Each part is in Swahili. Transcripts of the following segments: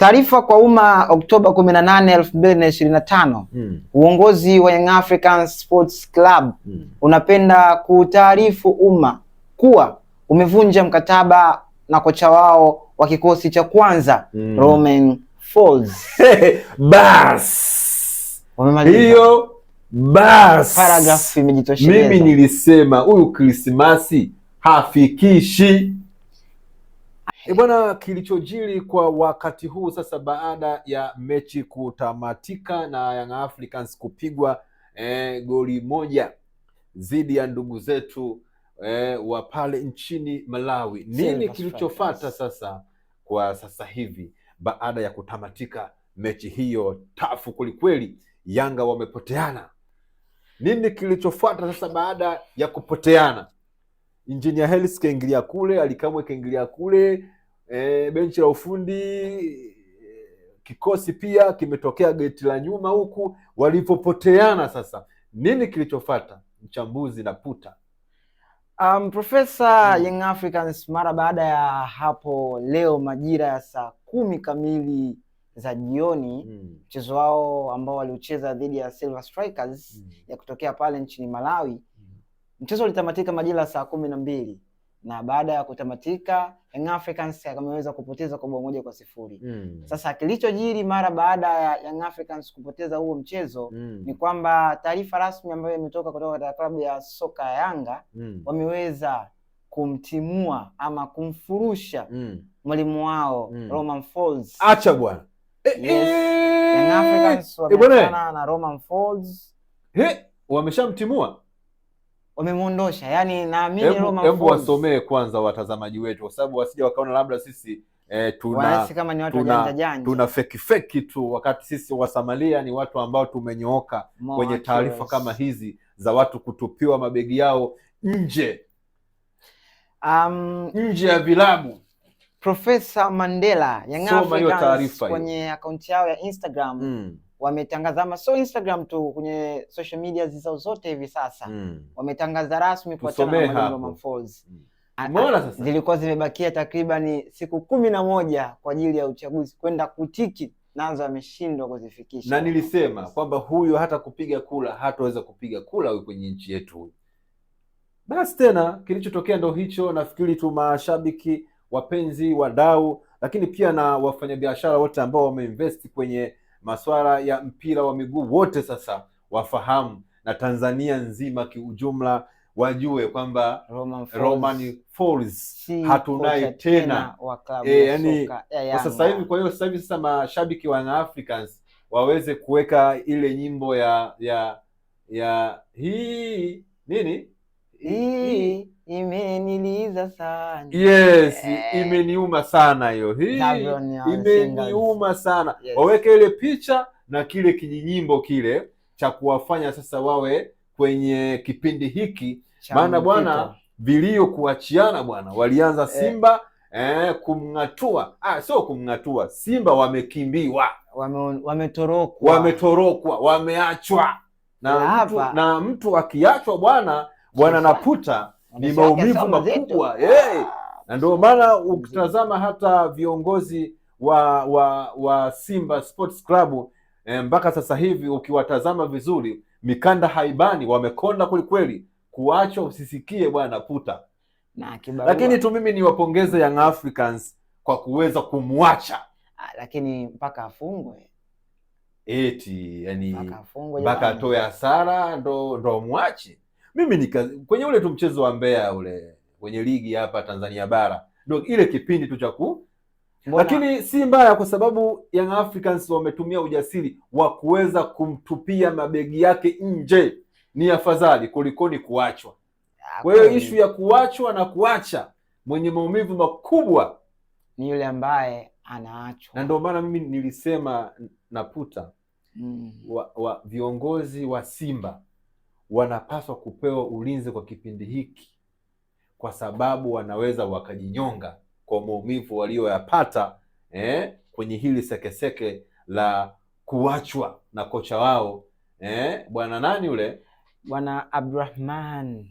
Taarifa kwa umma Oktoba 18, 2025. Mm. Uongozi wa Young African Sports Club mm. unapenda kutaarifu umma kuwa umevunja mkataba na kocha wao wa kikosi cha kwanza mm. Romain Folz. Bas. Hiyo bas. Paragraph imejitosheleza. Mimi nilisema huyu Krismasi hafikishi E bwana, kilichojiri kwa wakati huu sasa, baada ya mechi kutamatika na Young Africans kupigwa e, goli moja dhidi ya ndugu zetu e, wa pale nchini Malawi, nini kilichofata sasa kwa sasa hivi baada ya kutamatika mechi hiyo tafu kwelikweli? Yanga wamepoteana. Nini kilichofuata sasa baada ya kupoteana? Injinia kaingilia kule, Alikamwe kaingilia kule, e, benchi la ufundi eh, kikosi pia kimetokea geti la nyuma huku, walipopoteana sasa, nini kilichofata? Mchambuzi na puta um, Profesa hmm. Young Africans mara baada ya hapo leo majira ya saa kumi kamili za jioni hmm. mchezo hmm. wao ambao waliucheza dhidi ya Silver Strikers hmm. ya kutokea pale nchini Malawi Mchezo ulitamatika majira saa kumi na mbili na baada ya kutamatika Young Africans ameweza kupoteza kwa bao moja kwa sifuri. Mm. Sasa kilichojiri mara baada ya Young Africans kupoteza huo mchezo mm. ni kwamba taarifa rasmi ambayo imetoka kutoka katika klabu ya soka ya Yanga mm. wameweza kumtimua ama kumfurusha mm. mwalimu wao mm. Folz. Acha bwana. Eh, yes. Eh, Young Africans eh, na Folz. wameshamtimua wamemwondosha yani, naamini Roma. Hebu wasomee kwanza watazamaji wetu, kwa sababu wasija wakaona labda sisi eh, tuna kama ni watu tuna, janja tuna feki feki tu, wakati sisi Wasamalia ni watu ambao tumenyooka kwenye taarifa kama hizi za watu kutupiwa mabegi yao nje um, nje ya vilabu. Profesa Mandela Young Africans kwenye akaunti yao ya Instagram mm wametangazama so Instagram tu kwenye social media zao zote hivi sasa mm. wametangaza rasmi kuachana na Manula Falls mm. zilikuwa zimebakia takribani siku kumi na moja kwa ajili ya uchaguzi kwenda kutiki nazo ameshindwa kuzifikisha, na nilisema kwamba huyu hata kupiga kula hataweza kupiga kula huyu kwenye nchi yetu. Basi tena kilichotokea ndo hicho. Nafikiri tu mashabiki, wapenzi, wadau, lakini pia na wafanyabiashara wote ambao wameinvest kwenye masuala ya mpira wa miguu wote sasa wafahamu, na Tanzania nzima kiujumla wajue kwamba Roman, Roman Falls hatunaye tena e, yani kwa sasa hivi. Kwa hiyo sasa hivi sasa mashabiki wa Africans waweze kuweka ile nyimbo ya ya ya hii nini hii imeniliza sana. Yes, yeah. imeniuma sana hiyo, hii imeniuma sana yes. Waweke ile picha na kile kijinyimbo kile cha kuwafanya sasa wawe kwenye kipindi hiki, maana bwana vilio kuachiana bwana, walianza eh. Simba eh, eh, kumng'atua ah, sio kumng'atua, Simba wamekimbiwa, wametorokwa, wametorokwa, wameachwa na, na mtu akiachwa bwana Bwana Naputa ni maumivu makubwa hey. Na ndio maana ukitazama hata viongozi wa wa wa Simba Sports Club eh, mpaka sasa hivi ukiwatazama vizuri, mikanda haibani, wamekonda kwelikweli kuachwa usisikie Bwana Naputa na, lakini tu mimi niwapongeze Young Africans kwa kuweza kumwacha, ah, lakini mpaka afungwe eti yani mpaka atoe hasara ndo ndo mwache mimi nika kwenye ule tu mchezo wa Mbeya ule kwenye ligi hapa Tanzania bara ndio ile kipindi tu cha ku lakini si mbaya kwa sababu Young Africans wametumia ujasiri wa kuweza kumtupia mabegi yake nje, ni afadhali kulikoni kuachwa. Kwa hiyo ishu ya kuachwa na kuacha, mwenye maumivu makubwa ni yule ambaye anaachwa, na ndio maana mimi nilisema naputa mm. wa, wa viongozi wa Simba wanapaswa kupewa ulinzi kwa kipindi hiki, kwa sababu wanaweza wakajinyonga kwa maumivu walioyapata eh, kwenye hili sekeseke la kuachwa na kocha wao eh, bwana nani yule bwana Abdurahman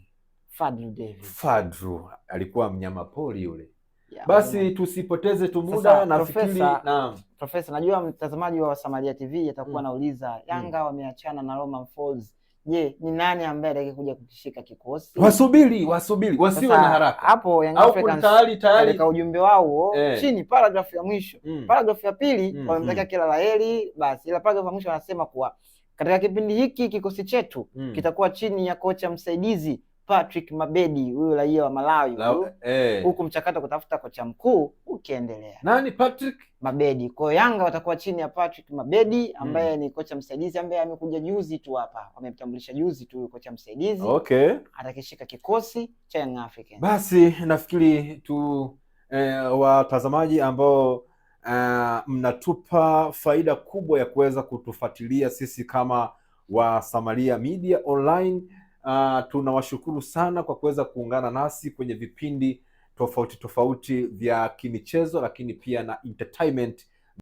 Fadlu David. Fadlu alikuwa mnyama pori yule ya, basi mwana. Tusipoteze tu muda nafikiri na profesa, najua mtazamaji wa Samaria TV atakuwa hmm. anauliza hmm. Yanga wameachana na Romain Folz Je, ni nani ambaye atakayekuja kukishika kikosi? Wasubiri, wasubiri, wasiwe na haraka hapo. Young Africans tayari tayari kwa ujumbe wao eh, chini paragraph ya mwisho mm, paragraph ya pili mm, wamemtakia mm, kila laheri basi, ila paragraph ya mwisho wanasema kuwa katika kipindi hiki kikosi chetu mm, kitakuwa chini ya kocha msaidizi Patrick Mabedi huyu raia wa Malawi eh. huku eh, mchakato kutafuta kocha mkuu ukiendelea. Nani Patrick Mabedi? Kwa hiyo Yanga watakuwa chini ya Patrick Mabedi ambaye hmm, ni kocha msaidizi ambaye amekuja juzi tu hapa, wamemtambulisha juzi tu kocha msaidizi okay, atakishika kikosi cha Young Africans. Basi nafikiri tu eh, watazamaji ambao Uh, mnatupa faida kubwa ya kuweza kutufuatilia sisi kama wa Samaria Media Online Uh, tunawashukuru sana kwa kuweza kuungana nasi kwenye vipindi tofauti tofauti vya kimichezo, lakini pia na entertainment